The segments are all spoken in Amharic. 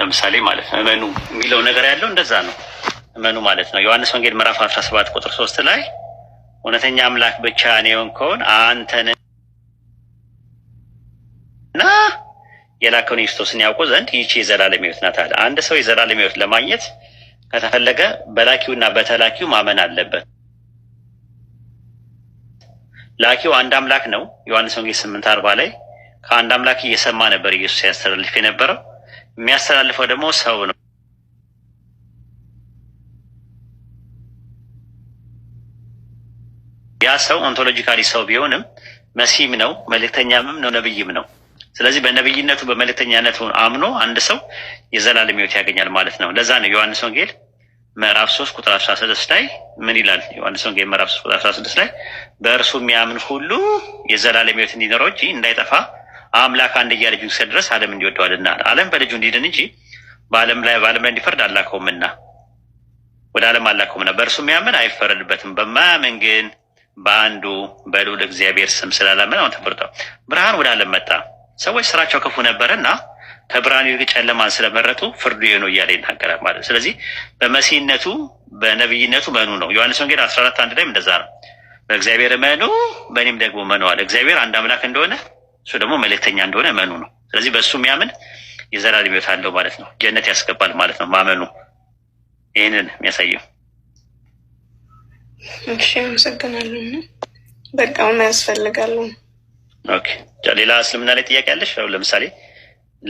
ለምሳሌ ማለት ነው እመኑ የሚለው ነገር ያለው እንደዛ ነው። እመኑ ማለት ነው። ዮሐንስ ወንጌል ምዕራፍ 17 ቁጥር ሶስት ላይ እውነተኛ አምላክ ብቻ እኔ የሆንከውን አንተንና የላከውን ክርስቶስን ያውቁ ዘንድ ይቺ የዘላለም ሕይወት ናት አለ። አንድ ሰው የዘላለም ሕይወት ለማግኘት ከተፈለገ በላኪውና በተላኪው ማመን አለበት። ላኪው አንድ አምላክ ነው። ዮሐንስ ወንጌል ስምንት አርባ ላይ ከአንድ አምላክ እየሰማ ነበር ኢየሱስ ያስተላልፍ የነበረው የሚያስተላልፈው ደግሞ ሰው ነው። ያ ሰው ኦንቶሎጂካሊ ሰው ቢሆንም መሲህም ነው መልእክተኛምም ነው ነብይም ነው። ስለዚህ በነብይነቱ በመልእክተኛነቱ አምኖ አንድ ሰው የዘላለም ሕይወት ያገኛል ማለት ነው። ለዛ ነው ዮሐንስ ወንጌል ምዕራፍ 3 ቁጥር 16 ላይ ምን ይላል? ዮሐንስ ወንጌል ምዕራፍ 3 ቁጥር 16 ላይ በእርሱ የሚያምን ሁሉ የዘላለም ሕይወት እንዲኖረው እንጂ እንዳይጠፋ አምላክ አንድያ ልጁን እስከ ድረስ ዓለም እንዲወደዋልና ዓለም በልጁ እንዲድን እንጂ በዓለም ላይ በዓለም ላይ እንዲፈርድ አላከውምና ወደ ዓለም አላከውምና በእርሱ የሚያምን አይፈረድበትም። በማያምን ግን በአንዱ በልዑል እግዚአብሔር ስም ስላላመን አሁን ተፈርዷል። ብርሃን ወደ ዓለም መጣ። ሰዎች ስራቸው ክፉ ነበረና ከብርሃን ይልቅ ጨለማን ስለመረጡ ፍርዱ ይህ ነው እያለ ይናገራል ማለት። ስለዚህ በመሲህነቱ በነቢይነቱ መኑ ነው። ዮሐንስ ወንጌል አስራ አራት አንድ ላይ እንደዛ ነው። በእግዚአብሔር መኑ በእኔም ደግሞ መኑ አለ። እግዚአብሔር አንድ አምላክ እንደሆነ እሱ ደግሞ መልእክተኛ እንደሆነ መኑ ነው። ስለዚህ በእሱ የሚያምን የዘላለም ሕይወት አለው ማለት ነው። ጀነት ያስገባል ማለት ነው ማመኑ። ይህንን የሚያሳየው እሺ። አመሰግናለሁ። በቃ ምን ያስፈልጋሉ? ሌላ እስልምና ላይ ጥያቄ አለሽ? ለምሳሌ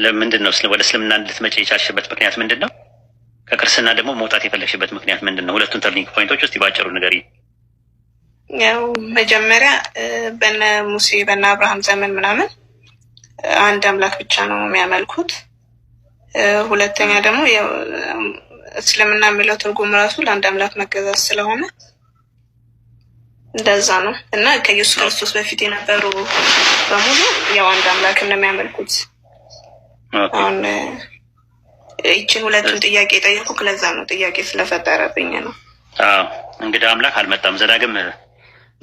ለምንድን ነው ወደ እስልምና እንድትመጪ የቻልሽበት ምክንያት ምንድን ነው? ከክርስትና ደግሞ መውጣት የፈለግሽበት ምክንያት ምንድን ነው? ሁለቱን ተርኒንግ ፖይንቶች ውስጥ ባጭሩ ንገሪኝ። ያው መጀመሪያ በነ ሙሴ በነ አብርሃም ዘመን ምናምን አንድ አምላክ ብቻ ነው የሚያመልኩት። ሁለተኛ ደግሞ እስልምና የሚለው ትርጉም ራሱ ለአንድ አምላክ መገዛት ስለሆነ እንደዛ ነው እና ከኢየሱስ ክርስቶስ በፊት የነበሩ በሙሉ ያው አንድ አምላክ እንደሚያመልኩት አሁን ይችን ሁለቱን ጥያቄ የጠየኩ ለዛ ነው ጥያቄ ስለፈጠረብኝ ነው። እንግዲህ አምላክ አልመጣም ዘዳግም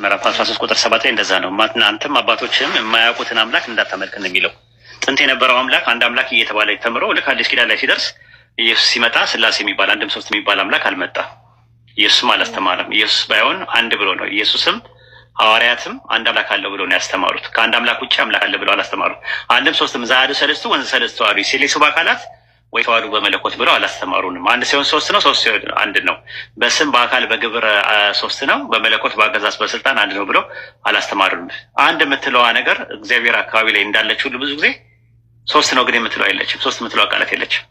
ምዕራፍ 13 ቁጥር 7 ላይ እንደዛ ነው። አንተም አባቶችም የማያውቁትን አምላክ እንዳታመልክ ነው የሚለው። ጥንት የነበረው አምላክ አንድ አምላክ እየተባለ ተምሮ ልክ አዲስ ኪዳን ላይ ሲደርስ ኢየሱስ ሲመጣ ስላሴ የሚባል አንድም ሶስት የሚባል አምላክ አልመጣ። ኢየሱስም አላስተማረም። ኢየሱስ ባይሆን አንድ ብሎ ነው። ኢየሱስም ሐዋርያትም አንድ አምላክ አለው ብሎ ነው ያስተማሩት። ከአንድ አምላክ ውጭ አምላክ አለ ብሎ አላስተማሩት። አንድም ሶስትም ዘአሐዱ ሰለስቱ ወንዘ ሰለስቱ አሐዱ ሥሉሱ በአካላት ወይ ተዋሕዶ በመለኮት ብለው አላስተማሩንም። አንድ ሲሆን ሶስት ነው፣ ሶስት ሲሆን አንድ ነው። በስም በአካል በግብር ሶስት ነው፣ በመለኮት በአገዛዝ በስልጣን አንድ ነው ብለው አላስተማሩንም። አንድ የምትለዋ ነገር እግዚአብሔር አካባቢ ላይ እንዳለች ሁሉ ብዙ ጊዜ ሶስት ነው ግን የምትለው የለችም። ሶስት የምትለው ቃላት የለችም።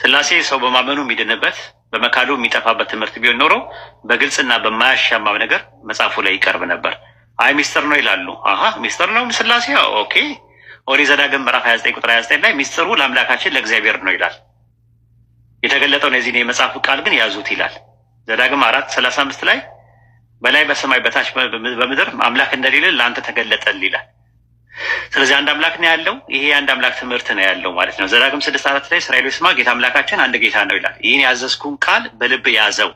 ስላሴ ሰው በማመኑ የሚድንበት በመካዱ የሚጠፋበት ትምህርት ቢሆን ኖሮ በግልጽና በማያሻማም ነገር መጽሐፉ ላይ ይቀርብ ነበር። አይ ሚስጥር ነው ይላሉ። አሀ ሚስጥር ነው ስላሴ ኦኬ ኦሪት ዘዳግም ምዕራፍ 29 ቁጥር 29 ላይ ሚስጥሩ ለአምላካችን ለእግዚአብሔር ነው ይላል። የተገለጠው ነው የዚህ የመጽሐፉ ቃል ግን ያዙት ይላል። ዘዳግም አራት ሰላሳ አምስት ላይ በላይ በሰማይ በታች በምድር አምላክ እንደሌለ ለአንተ ተገለጠል ይላል። ስለዚህ አንድ አምላክ ነው ያለው። ይሄ የአንድ አምላክ ትምህርት ነው ያለው ማለት ነው። ዘዳግም ስድስት አራት ላይ እስራኤል ስማ፣ ጌታ አምላካችን አንድ ጌታ ነው ይላል። ይህን ያዘዝኩን ቃል በልብ ያዘው።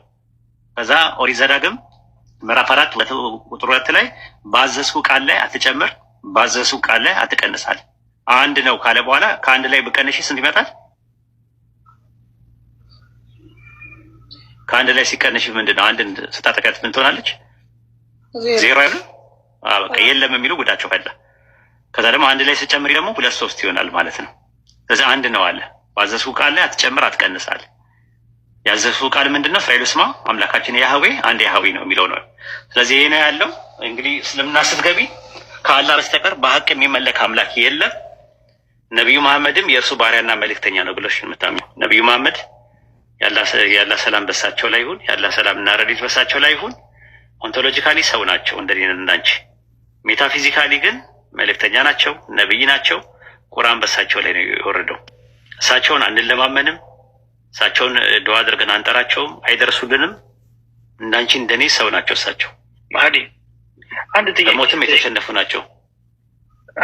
ከዛ ኦሪት ዘዳግም ምዕራፍ አራት ቁጥር ሁለት ላይ ባዘዝኩ ቃል ላይ አትጨምር ባዘሱ ቃል ላይ አትቀንሳል። አንድ ነው ካለ በኋላ ከአንድ ላይ ብቀንሽ ስንት ይመጣል? ከአንድ ላይ ሲቀንሽ ምንድን ነው? አንድን ስታጠቃት ምን ትሆናለች? ዜሮ ያለ በቃ የለም የሚሉ ጉዳቸው ፈላ። ከዛ ደግሞ አንድ ላይ ስጨምሪ ደግሞ ሁለት ሶስት ይሆናል ማለት ነው። ስለዚህ አንድ ነው አለ። ባዘሱ ቃል ላይ አትጨምር አትቀንሳል። ያዘሱ ቃል ምንድን ነው? እስራኤል ስማ አምላካችን ያህዌ አንድ ያህዌ ነው የሚለው ነው። ስለዚህ ይሄ ነው ያለው። እንግዲህ እስልምና ስትገቢ ከአላህ በስተቀር በሀቅ የሚመለክ አምላክ የለም። ነቢዩ መሐመድም የእርሱ ባሪያና መልእክተኛ ነው ብለሽ የምታምኙ ነቢዩ መሐመድ ያላ ሰላም በሳቸው ላይ ይሁን፣ ያላ ሰላም እና ረዲት በሳቸው ላይ ይሁን። ኦንቶሎጂካሊ ሰው ናቸው እንደኔን እንዳንቺ። ሜታፊዚካሊ ግን መልእክተኛ ናቸው፣ ነቢይ ናቸው። ቁርአን በሳቸው ላይ ነው የወረደው። እሳቸውን አንለማመንም፣ እሳቸውን ድዋ አድርገን አንጠራቸውም፣ አይደርሱልንም። እንዳንቺ እንደኔ ሰው ናቸው እሳቸው። አንድ ጥያቄ በሞትም የተሸነፉ ናቸው።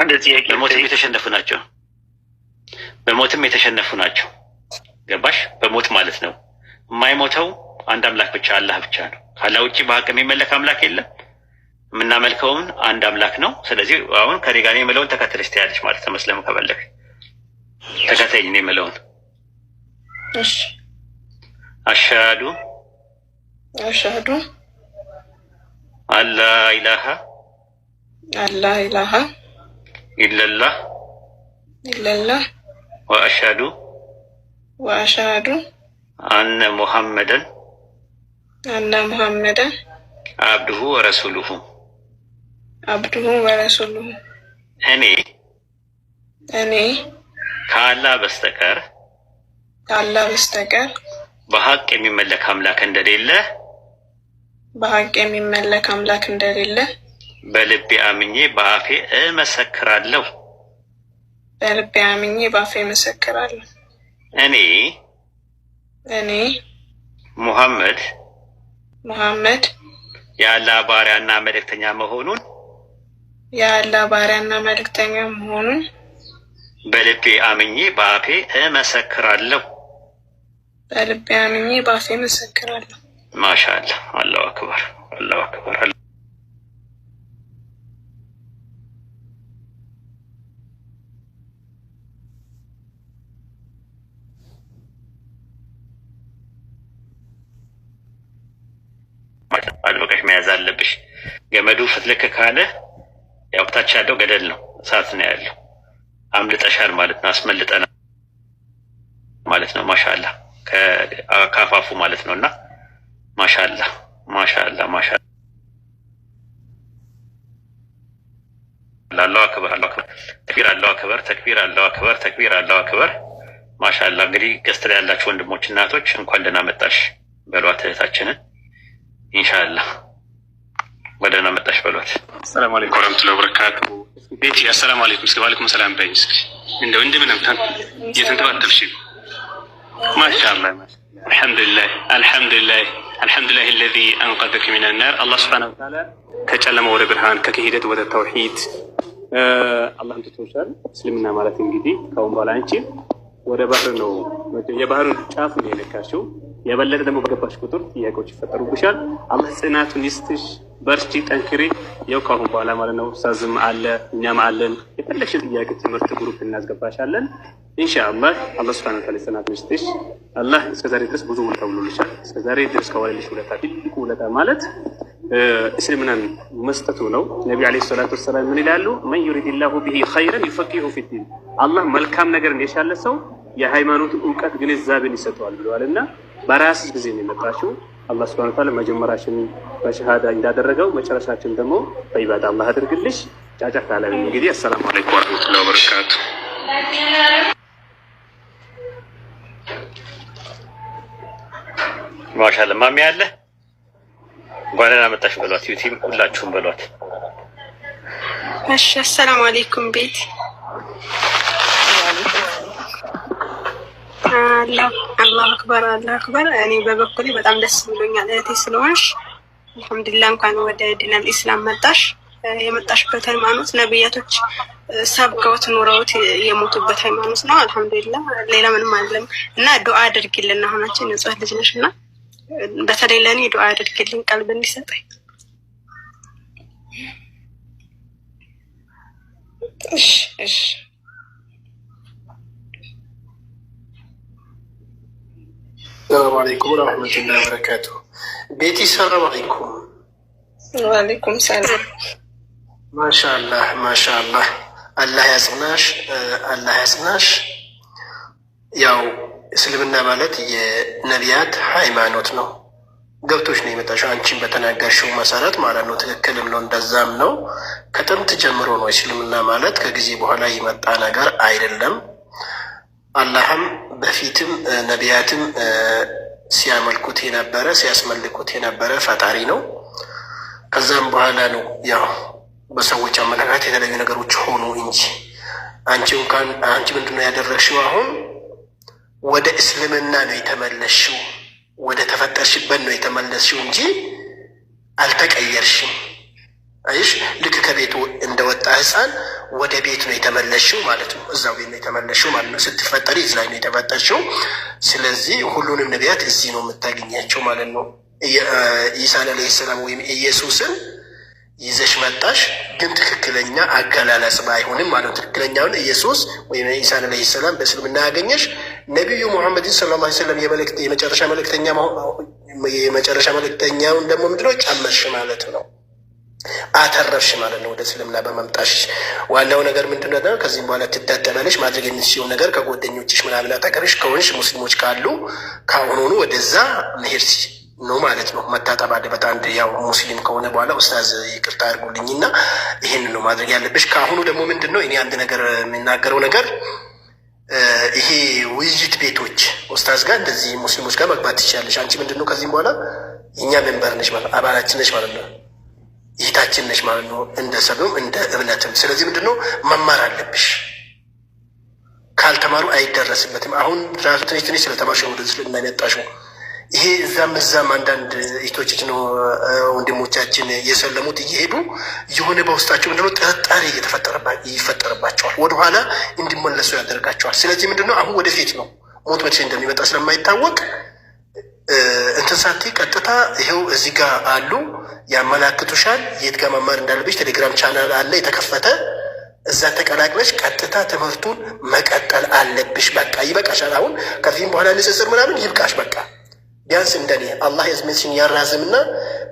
አንድ ጥያቄ በሞትም የተሸነፉ ናቸው። በሞትም የተሸነፉ ናቸው። ገባሽ? በሞት ማለት ነው። የማይሞተው አንድ አምላክ ብቻ አላህ ብቻ ነው። ካላህ ውጭ በሀቅ የሚመለክ አምላክ የለም። የምናመልከውን አንድ አምላክ ነው። ስለዚህ አሁን ከኔ ጋር የምለውን ተከተለች ትያለች ማለት ነው። መስለም ከፈለግ ተከተለኝ ነው የምለውን አሻዱ አሻዱ አላ ኢላሃ አላ ኢላሃ ኢለላህ ኢለላህ ወአሽሀዱ ወአሽሀዱ አነ ሙሐመደን አነ ሙሐመደን አብዱሁ ወረሱሉሁ አብዱሁ ወረሱሉሁ እኔ እኔ ከአላህ በስተቀር ከአላህ በስተቀር በሀቅ የሚመለክ አምላክ እንደሌለ በሀቅ የሚመለክ አምላክ እንደሌለ በልቤ አምኜ በአፌ እመሰክራለሁ። በልቤ አምኜ በአፌ እመሰክራለሁ። እኔ እኔ ሙሐመድ ሙሐመድ የአላህ ባሪያና መልእክተኛ መሆኑን የአላህ ባሪያና መልእክተኛ መሆኑን በልቤ አምኜ በአፌ እመሰክራለሁ። በልቤ አምኜ በአፌ እመሰክራለሁ። ማሻአላ አላሁ አክበር አላሁ አክበር። አጥብቀሽ መያዝ አለብሽ። ገመዱ ፍትልክ ካለ ያው ታች ያለው ገደል ነው፣ እሳት ነው ያለው። አምልጠሻል ማለት ነው፣ አስመልጠናል ማለት ነው። ማሻአላ ከአካፋፉ ማለት ነው እና ማሻላ ማሻላ ማሻላ አላሁ አክበር አላሁ አክበር ተክቢር አላሁ አክበር ተክቢር አላሁ አክበር ተክቢር አላሁ አክበር ማሻላ። እንግዲህ ገስት ላይ ያላችሁ ወንድሞች እናቶች እንኳን ደህና መጣሽ በሏት እህታችንን ኢንሻአላ ወደህና መጣሽ በሏት። ሰላም አለይኩም ወራህመቱላሂ ወበረካቱ። ቤቲ አሰላም አለይኩም እስኪ ዋለይኩም ሰላም በይኝ እስኪ እንደው እንደምን የተንተባተብሽ ማሻአላ አልሐምዱሊላህ አልሐምዱሊላህ አልሐምዱሊላህ ለዚ አንቀዘከ ሚነናር አላህ ስብሐነሁ ወተዓላ ከጨለማ ወደ ብርሃን ከክህደት ወደ ተውሂድ አላህን ትቶሻል። እስልምና ማለት እንግዲህ ካሁን በኋላ አንቺ ወደ ባህር ነው የባህርን ጫፍ ነው የነካሽው የበለጠ ደግሞ በገባሽ ቁጥር ጥያቄዎች ይፈጠሩብሻል። አመጽናቱን ጽናቱን ይስጥሽ። በርቺ፣ ጠንክሬ ያው ካሁን በኋላ ማለት ነው ሳዝም አለ እኛም አለን። የፈለግሽ ጥያቄ ትምህርት ግሩፕ እናስገባሻለን። ኢንሻአላህ አላህ ሱብሓነሁ ወተዓላ ጽናቱን ይስጥሽ። አላህ እስከዛሬ ድረስ ብዙ ውለታ ውሎልሻል። እስከዛሬ ድረስ ከዋለልሽ ውለታ ትልቁ ውለታ ማለት እስልምናን መስጠቱ ነው። ነቢ ዓለይሂ ሰላቱ ወሰላም ምን ይላሉ? መን ዩሪድላሁ ቢሂ ኸይረን ዩፈቂሁ ፊዲን፣ አላህ መልካም ነገር የሻለ ሰው የሃይማኖትን እውቀት ግንዛቤን ይሰጠዋል ብለዋልና በራስ ጊዜ ነው የመጣችው። አላህ ስብሐነ ወተዓላ መጀመሪያችን በሸሃዳ እንዳደረገው መጨረሻችን ደግሞ በኢባዳ አላህ አድርግልሽ። ጫጫት ላይ እንግዲህ አሰላሙ አለይኩም ወረህመቱላሂ ወበረካቱ። ማሻአላ ማሚ አለ ጓደና መጣሽ በሏት፣ ዩቲም ሁላችሁም በሏት። እሺ፣ አሰላሙ አለይኩም ቤት አላሁ አክበር አላሁ አክበር። እኔ በበኩሌ በጣም ደስ ብሎኛል እህቴ ስለሆንሽ አልሐምዱሊላህ። እንኳን ወደ ዲነል ኢስላም መጣሽ። የመጣሽበት ሃይማኖት ነብያቶች ሰብከውት ኑረውት የሞቱበት ሃይማኖት ነው። አልሐምዱሊላህ ሌላ ምንም አይደለም። እና ዱአ አድርጊልን። አሁናችን ንጹህ ልጅ ነሽ እና በተለይ ለእኔ ዱአ አድርጊልን ቀልብ እንዲሰጠኝ እሺ እሺ ሰላም አለይኩም በረካቱ። ቤቲ ሰላም አለይኩም። ሰላም። ማሻአላህ ማሻአላህ። አላህ ያጽናሽ፣ አላህ ያጽናሽ። ያው እስልምና ማለት የነቢያት ሃይማኖት ነው። ገብቶች ነው የመጣሽው አንቺን በተናገርሽው መሰረት ማለት ነው። ትክክልም ነው እንደዛም ነው። ከጥንት ጀምሮ ነው እስልምና ማለት ከጊዜ በኋላ የመጣ ነገር አይደለም። አላህም በፊትም ነቢያትም ሲያመልኩት የነበረ ሲያስመልኩት የነበረ ፈጣሪ ነው። ከዛም በኋላ ነው ያው በሰዎች አመለካከት የተለያዩ ነገሮች ሆኑ እንጂ አንቺ እንኳን አንቺ ምንድነው ያደረግሽው? አሁን ወደ እስልምና ነው የተመለስሽው፣ ወደ ተፈጠርሽበት ነው የተመለስሽው እንጂ አልተቀየርሽም። አይሽ ልክ ከቤቱ እንደወጣ ህፃን ወደ ቤት ነው የተመለሽው ማለት ነው። እዛው ቤት ነው የተመለሽው ማለት ነው። ስትፈጠሪ እዚ ላይ ነው የተፈጠርሽው። ስለዚህ ሁሉንም ነቢያት እዚህ ነው የምታገኛቸው ማለት ነው። ኢሳን አለ ሰላም ወይም ኢየሱስን ይዘሽ መጣሽ፣ ግን ትክክለኛ አገላለጽ ባይሆንም ማለት ነው። ትክክለኛውን ኢየሱስ ወይም ኢሳን አለ ሰላም በእስልምና ያገኘሽ ነቢዩ ሙሐመድን ስለ ላ ስለም የመጨረሻ መልእክተኛ የመጨረሻ መልእክተኛውን ደግሞ ምንድነው ጨመርሽ ማለት ነው። አተረፍሽ ማለት ነው። ወደ እስልምና በመምጣሽ ዋናው ነገር ምንድን ነው? ከዚህም በኋላ ትታጠበለሽ ማድረግ የምትችይው ነገር ከጓደኞችሽ ምናምን አጠገብሽ ከሆንሽ ሙስሊሞች ካሉ ከአሁኑኑ ወደዛ መሄድ ነው ማለት ነው። መታጠብ አለበት። አንድ ያው ሙስሊም ከሆነ በኋላ ኡስታዝ ይቅርታ አድርጉልኝ እና ይህን ነው ማድረግ ያለብሽ። ከአሁኑ ደግሞ ምንድን ነው እኔ አንድ ነገር የሚናገረው ነገር ይሄ ውይይት ቤቶች ኡስታዝ ጋር እንደዚህ ሙስሊሞች ጋር መግባት ትችላለሽ። አንቺ ምንድን ነው ከዚህም በኋላ እኛ መንበር ነች ማለት አባላችን ነች ማለት ነው ይታችን ነች ማለት ነው፣ እንደ ሰብም እንደ እምነትም። ስለዚህ ምንድን ነው መማር አለብሽ። ካልተማሩ አይደረስበትም። አሁን ራሱ ትንሽ ትንሽ ስለተማርሽ ወደዚህ ስለምናመጣሽው ይሄ እዛም እዛም አንዳንድ እህቶች ነው ወንድሞቻችን የሰለሙት እየሄዱ የሆነ በውስጣቸው ምንድነው ጥርጣሬ ይፈጠርባቸዋል፣ ወደኋላ እንዲመለሱ ያደርጋቸዋል። ስለዚህ ምንድነው አሁን ወደፊት ነው ሞት መቼ እንደሚመጣ ስለማይታወቅ እንትን ሳቴ ቀጥታ ይኸው እዚህ ጋር አሉ ያመላክቱሻል። የት ጋር መማር እንዳለብሽ ቴሌግራም ቻናል አለ የተከፈተ እዛ ተቀላቅለሽ ቀጥታ ትምህርቱን መቀጠል አለብሽ። በቃ ይበቃሻል። አሁን ከዚህም በኋላ ንጽጽር ምናምን ይብቃሽ። በቃ ቢያንስ እንደኔ አላህ የዝሜትሽን ያራዝምና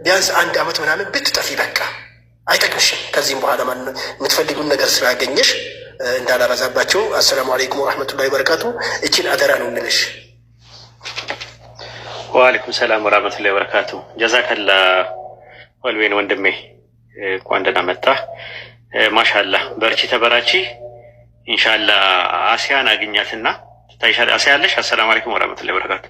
ቢያንስ አንድ ዓመት ምናምን ብትጠፊ በቃ አይጠቅምሽም። ከዚህም በኋላ ማ የምትፈልጉን ነገር ስላገኘሽ እንዳላረዛባቸው። አሰላሙ አለይኩም ወረሕመቱላሂ ወበረካቱ። እችን አደራ ነው እንልሽ ወአለይኩም ሰላም ወራህመቱላሂ ወበረካቱ። ጀዛከላ ወልዌን ወንድሜ እንኳን ደህና መጣ። ማሻላ በርቺ፣ ተበራቺ። ኢንሻላ አሲያን አግኛትና ታይሻል። አሲያ አለሽ። አሰላሙ አለይኩም ወራህመቱላሂ ወበረካቱ።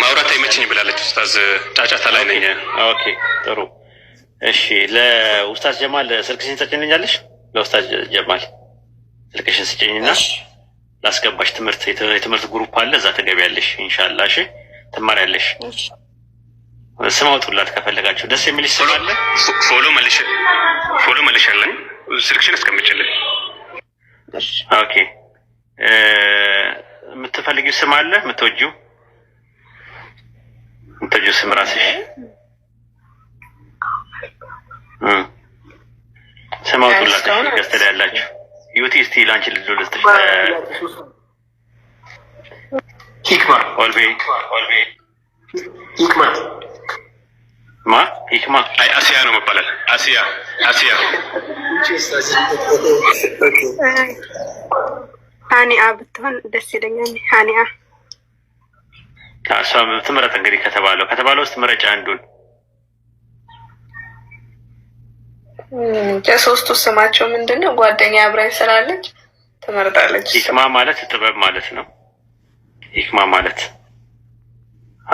ማውራት አይመችኝ ብላለች ኡስታዝ። ጫጫታ ላይ ነኝ። ኦኬ ጥሩ እሺ። ለኡስታዝ ጀማል ስልክሽን ትጭኝልኛለሽ? ለኡስታዝ ጀማል ስልክሽን ስጭኝና ላስገባሽ ትምህርት የትምህርት ግሩፕ አለ። እዛ ትገቢያለሽ። እንሻላ እሺ፣ ትማሪያለሽ። ስም አውጡላት ከፈለጋቸው ደስ የሚል ይሰማለ ፎሎ መልሽ፣ ፎሎ መልሻለን። ስልክሽን አስቀምጭልን። ኦኬ፣ የምትፈልጊው ስም አለ። የምትወጂው የምትወጂው ስም ራስሽ ስም አውጡላት። ገዝተዳ ያላችሁ ዩቲ እስቲ ላንቺ ልጁ ሂክማ ኦልቤ ሂክማ ማ ሂክማ አይ አሲያ ነው መባላል። አሲያ አሲያ ሀኒአ ብትሆን ደስ ይለኛል። ሀኒአ እሷ ትምረጥ እንግዲህ ከተባለው ከተባለው ውስጥ ምረጫ አንዱን ከሶስቱ ስማቸው ምንድን ነው? ጓደኛ አብራኝ ስላለች ትመርጣለች። ሂክማ ማለት ጥበብ ማለት ነው። ሂክማ ማለት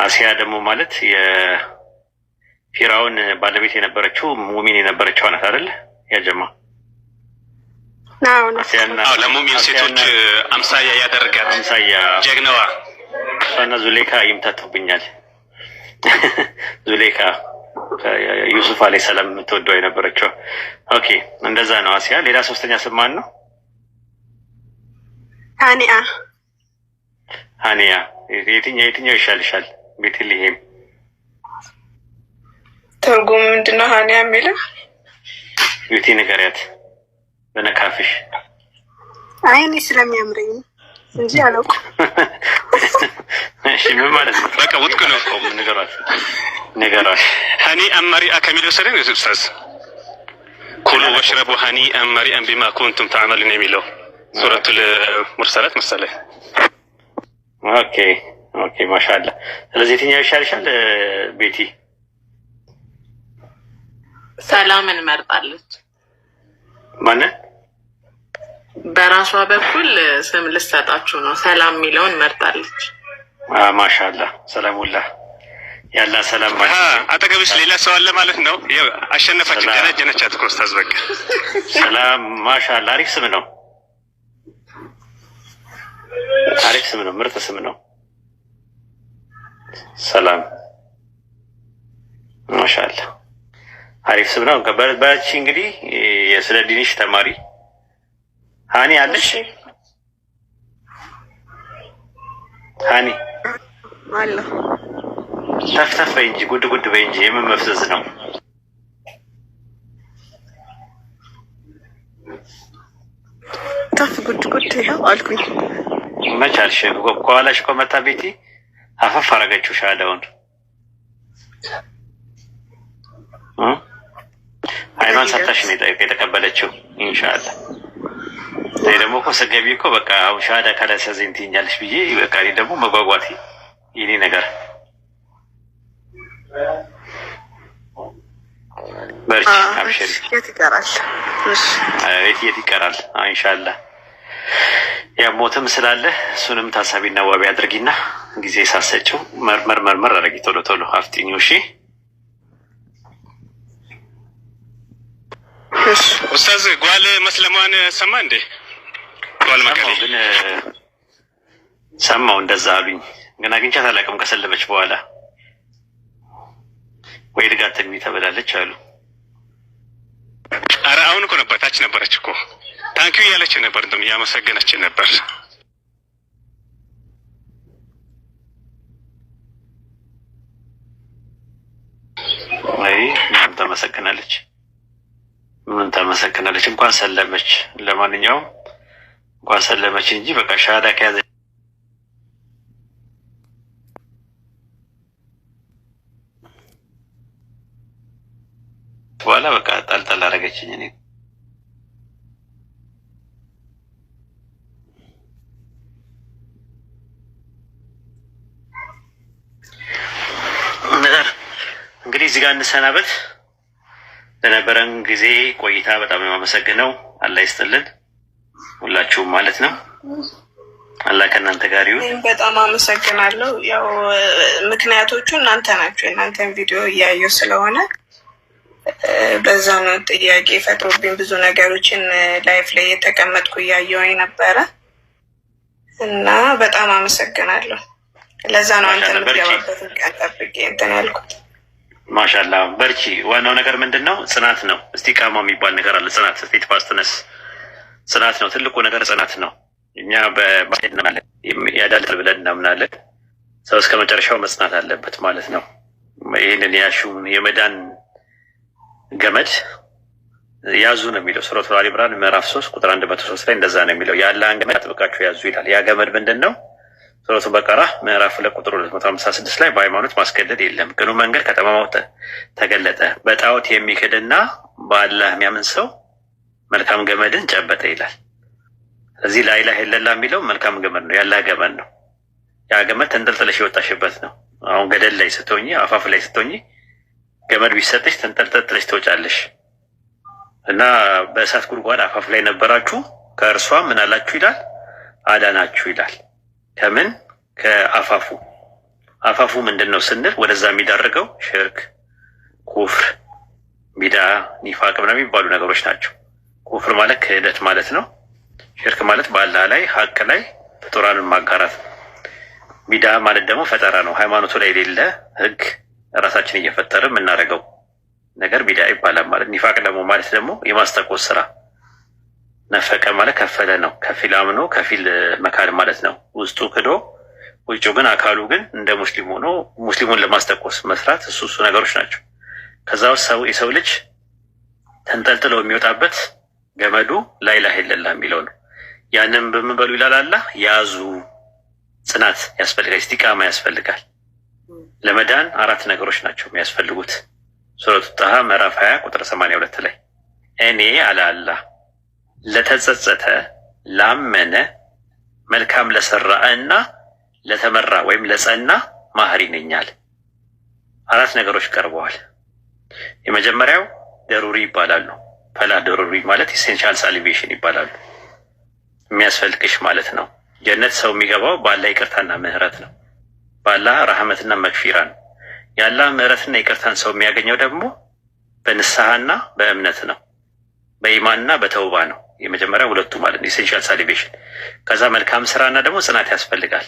አሲያ ደግሞ ማለት የፊራውን ባለቤት የነበረችው ሙሚን የነበረችው አናት አይደለ? ያጀማ ለሙሚን ሴቶች አምሳያ ያደርጋት አምሳያ ጀግነዋ እሷና ዙሌካ ይምታትብኛል ዙሌካ ዩሱፍ አለይ ሰላም የምትወደው የነበረችው። ኦኬ እንደዛ ነው። አሲያ ሌላ ሶስተኛ ስም ማን ነው? ሀኒያ ሀኒያ። የትኛው የትኛው ይሻልሻል? ቤትልሄም ትርጉም ምንድነው? ሀኒያ የሚለው ዩቲ ንገሪያት በነካፍሽ። አይ ስለሚያምረኝ እንጂ አለቁ እሺ ምን ማለት ነው? በቃ ውጥቅ ነው እኮ ንገሯት፣ ንገሯት ሀኒአን መሪአ ከሚለው ሰደን ኡስታዝ ኩሉ ወሽረቡ ሀኒአን መሪአን ቢማ ኩንቱም ተዕመሉን የሚለው ሱረቱል ሙርሰላት መሰለህ። ኦኬ ኦኬ፣ ማሻአላ። ስለዚህ የትኛው ይሻልሻል ቤቲ? ሰላምን መርጣለች። ማንን? በራሷ በኩል ስም ልሰጣችሁ ነው። ሰላም የሚለውን መርጣለች። ማሻአላ ሰላሙላ ያላ ሰላም ማለት አጠገብሽ ሌላ ሰው አለ ማለት ነው። አሸነፋችን ደረጀነች አትኮ ስታዝ በቃ ሰላም ማሻላ። አሪፍ ስም ነው፣ አሪፍ ስም ነው፣ ምርጥ ስም ነው። ሰላም ማሻላ፣ አሪፍ ስም ነው። በረች እንግዲህ ስለ ዲንሽ ተማሪ ሀኒ አለሽ? ሀኒ አለሁ ተፍተፍ በይ እንጂ ጉድ ጉድ በይ እንጂ የምን መፍዘዝ ነው? ተፍ ጉድ ጉድ ይኸው አልኩኝ። መች አልሽ? ከኋላሽ እኮ መታ ቤቲ አፈፍ አረገችው ሻለውን ሃይማን ሰታሽ ነው የተቀበለችው። ኢንሻአላ እኔ ደግሞ እኮ ስገቢ እኮ በቃ አሁን ሻዳ ካላሳዘኝ ትይኛለሽ ብዬ በቃ እኔ ደግሞ መጓጓት ይኔ ነገር በርቺ አብሽሪ። የት ይቀራል? እሺ የት ይቀራል? ኢንሻአላህ ያው ሞትም ስላለ እሱንም ታሳቢና ዋቢ አድርጊና ጊዜ ሳሰጭው መርመር መርመር አረጊ ቶሎ ቶሎ አፍጢኙ። እሺ ኡስታዝ ጓል መስለማን ሰማ እንዴ? ጓል መቀሌ ሰማው እንደዛ አሉኝ። ግን አግኝቻት አላውቅም ከሰለመች በኋላ ወይ ልጋት ተግቢ ተበላለች አሉ። አረ አሁን እኮ ነበር ታች ነበረች እኮ ታንኪዩ እያለች ነበር፣ እንደም እያመሰገነች ነበር። ወይ ምን ታመሰግናለች? ምን ታመሰግናለች? እንኳን ሰለመች። ለማንኛውም እንኳን ሰለመች እንጂ በቃ ሻዳ ከያዘ በኋላ በቃ ጣልጣል አደረገችኝ። እኔ እንግዲህ እዚህ ጋር እንሰናበት። ለነበረን ጊዜ ቆይታ በጣም የማመሰግነው አላህ ይስጥልን ሁላችሁም ማለት ነው። አላህ ከእናንተ ጋር ይሁን። በጣም አመሰግናለሁ። ያው ምክንያቶቹ እናንተ ናቸው። የእናንተን ቪዲዮ እያየሁ ስለሆነ በዛ ነው ጥያቄ ፈጥሮብኝ ብዙ ነገሮችን ላይፍ ላይ የተቀመጥኩ እያየሁኝ ነበረ እና በጣም አመሰግናለሁ። ለዛ ነው አንተ የምትገባበትን ቀን ጠብቄ እንትን ያልኩት። ማሻላ በርቺ። ዋናው ነገር ምንድን ነው? ጽናት ነው። እስቲ ቃማ የሚባል ነገር አለ። ጽናት ስቴት ፋስትነስ ጽናት ነው። ትልቁ ነገር ጽናት ነው። እኛ በባሄድ እናምናለን፣ ብለን እናምናለን። ሰው እስከ መጨረሻው መጽናት አለበት ማለት ነው። ይህንን ያሹን የመዳን ገመድ ያዙ ነው የሚለው ሱረቱ አሊ ኢምራን ምዕራፍ ሶስት ቁጥር አንድ መቶ ሶስት ላይ እንደዛ ነው የሚለው የአላህን ገመድ አጥብቃችሁ ያዙ ይላል። ያ ገመድ ምንድን ነው? ሱረቱ በቀራ ምዕራፍ ሁለት ቁጥር ሁለት መቶ ሀምሳ ስድስት ላይ በሃይማኖት ማስገደድ የለም ግኑ መንገድ ከጠማማው ተገለጠ፣ በጣዖት የሚክድና በአላህ የሚያምን ሰው መልካም ገመድን ጨበጠ ይላል። እዚህ ላይላህ የለላ የሚለው መልካም ገመድ ነው፣ ያላህ ገመድ ነው። ያ ገመድ ተንጠልጥለሽ የወጣሽበት ነው። አሁን ገደል ላይ ስትሆኚ አፋፍ ላይ ስትሆኚ ገመድ ቢሰጥሽ ተንጠልጠልጥለሽ ትወጫለሽ እና በእሳት ጉድጓድ አፋፍ ላይ ነበራችሁ ከእርሷ ምን አላችሁ ይላል አዳናችሁ ይላል ከምን ከአፋፉ አፋፉ ምንድን ነው ስንል ወደዛ የሚዳርገው ሽርክ ኩፍር ቢዳ ኒፋቅ ምናምን የሚባሉ ነገሮች ናቸው ኩፍር ማለት ክህደት ማለት ነው ሽርክ ማለት በአላህ ላይ ሀቅ ላይ ፍጡራንን ማጋራት ነው ቢዳ ማለት ደግሞ ፈጠራ ነው ሃይማኖቱ ላይ የሌለ ህግ ራሳችን እየፈጠረ የምናደርገው ነገር ቢዳ ይባላል። ማለት ኒፋቅ ደግሞ ማለት ደግሞ የማስተቆስ ስራ ነፈቀ ማለት ከፈለ ነው። ከፊል አምኖ ከፊል መካድ ማለት ነው። ውስጡ ክዶ ውጭ ግን አካሉ ግን እንደ ሙስሊም ሆኖ ሙስሊሙን ለማስተቆስ መስራት እሱ እሱ ነገሮች ናቸው። ከዛ ውስጥ ሰው የሰው ልጅ ተንጠልጥሎ የሚወጣበት ገመዱ ላይላ ሄለላ የሚለው ነው። ያንን በምበሉ ይላል አላህ ያዙ። ጽናት ያስፈልጋል፣ ስቲቃማ ያስፈልጋል። ለመዳን አራት ነገሮች ናቸው የሚያስፈልጉት። ሱረቱ ጣሃ ምዕራፍ 20 ቁጥር 82 ላይ እኔ አለ አላህ ለተጸጸተ ላመነ መልካም ለሰራ እና ለተመራ ወይም ለጸና ማህሪ ነኛል። አራት ነገሮች ቀርበዋል። የመጀመሪያው ደሩሪ ይባላሉ። ፈላ ደሩሪ ማለት ኢሴንሻል ሳሊቬሽን ይባላሉ። የሚያስፈልግሽ ማለት ነው። ጀነት ሰው የሚገባው ባላ ይቅርታና ምህረት ነው። በአላህ ረህመትና መክፊራ ነው። የአላህ ምዕረትና ይቅርታን ሰው የሚያገኘው ደግሞ በንስሐና በእምነት ነው፣ በኢማንና በተውባ ነው። የመጀመሪያ ሁለቱ ማለት ነው ኢሴንሻል ሳሊቬሽን። ከዛ መልካም ስራና ደግሞ ጽናት ያስፈልጋል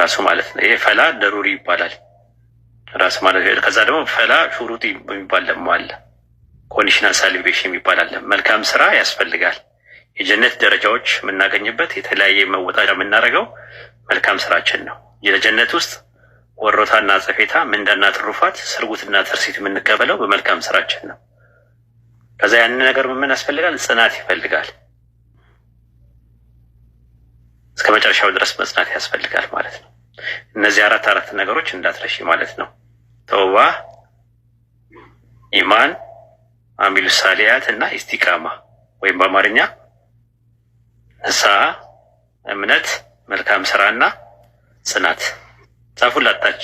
ራሱ ማለት ነው። ይሄ ፈላ ደሩሪ ይባላል ራሱ ማለት ነው። ከዛ ደግሞ ፈላ ሹሩጥ የሚባል ደግሞ አለ፣ ኮንዲሽናል ሳሊቬሽን የሚባል አለ። መልካም ስራ ያስፈልጋል። የጀነት ደረጃዎች የምናገኝበት የተለያየ መወጣጫ የምናደርገው መልካም ስራችን ነው። የጀነት ውስጥ ወሮታና ጸፌታ፣ ምንዳና ትሩፋት፣ ስርጉትና ትርሲት የምንቀበለው በመልካም ስራችን ነው። ከዛ ያንን ነገር ምን ያስፈልጋል? ጽናት ይፈልጋል። እስከ መጨረሻው ድረስ መጽናት ያስፈልጋል ማለት ነው። እነዚህ አራት አራት ነገሮች እንዳትረሺ ማለት ነው። ተውባ፣ ኢማን፣ አሚሉ ሳሊያት እና ኢስቲቃማ ወይም በአማርኛ ንስሐ፣ እምነት፣ መልካም ስራና ጽናት ጻፉላታች ላጣች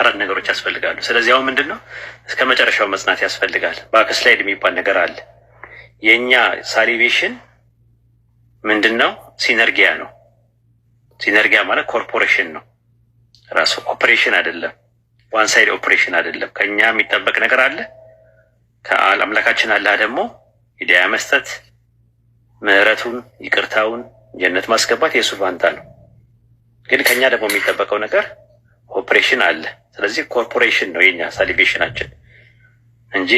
አራት ነገሮች ያስፈልጋሉ። ስለዚህ አሁን ምንድን ነው እስከ መጨረሻው መጽናት ያስፈልጋል። በአክስላይድ የሚባል ነገር አለ። የእኛ ሳሊቬሽን ምንድን ነው? ሲነርጊያ ነው። ሲነርጊያ ማለት ኮርፖሬሽን ነው ራሱ ኦፕሬሽን አይደለም። ዋን ሳይድ ኦፕሬሽን አይደለም። ከእኛ የሚጠበቅ ነገር አለ። ከአምላካችን አላህ ደግሞ ሂዳያ መስጠት፣ ምህረቱን፣ ይቅርታውን፣ ጀነት ማስገባት የእሱ ፋንታ ነው። ግን ከኛ ደግሞ የሚጠበቀው ነገር ኦፕሬሽን አለ። ስለዚህ ኮርፖሬሽን ነው የኛ ሳሊቬሽናችን እንጂ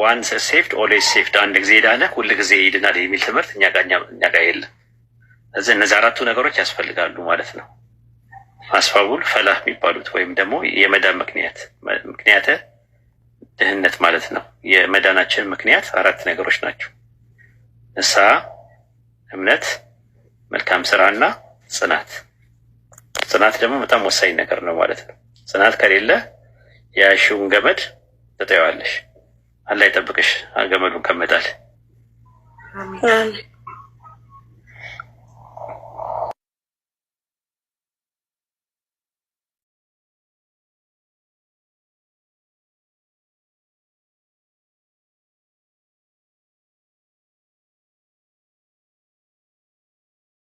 ዋን ሴፍድ ኦልዌይስ ሴፍድ፣ አንድ ጊዜ ዳነ ሁል ጊዜ ይድናል የሚል ትምህርት እኛ ጋ የለም። ስለዚህ እነዚህ አራቱ ነገሮች ያስፈልጋሉ ማለት ነው። አስፋቡል ፈላህ የሚባሉት ወይም ደግሞ የመዳን ምክንያት ምክንያተ ድህነት ማለት ነው። የመዳናችን ምክንያት አራት ነገሮች ናቸው። ንስሐ፣ እምነት፣ መልካም ስራና ጽናት ጽናት ደግሞ በጣም ወሳኝ ነገር ነው ማለት ነው። ጽናት ከሌለ የያሽውን ገመድ ትጠይዋለሽ። አላህ ይጠብቅሽ ገመዱን ከመጣል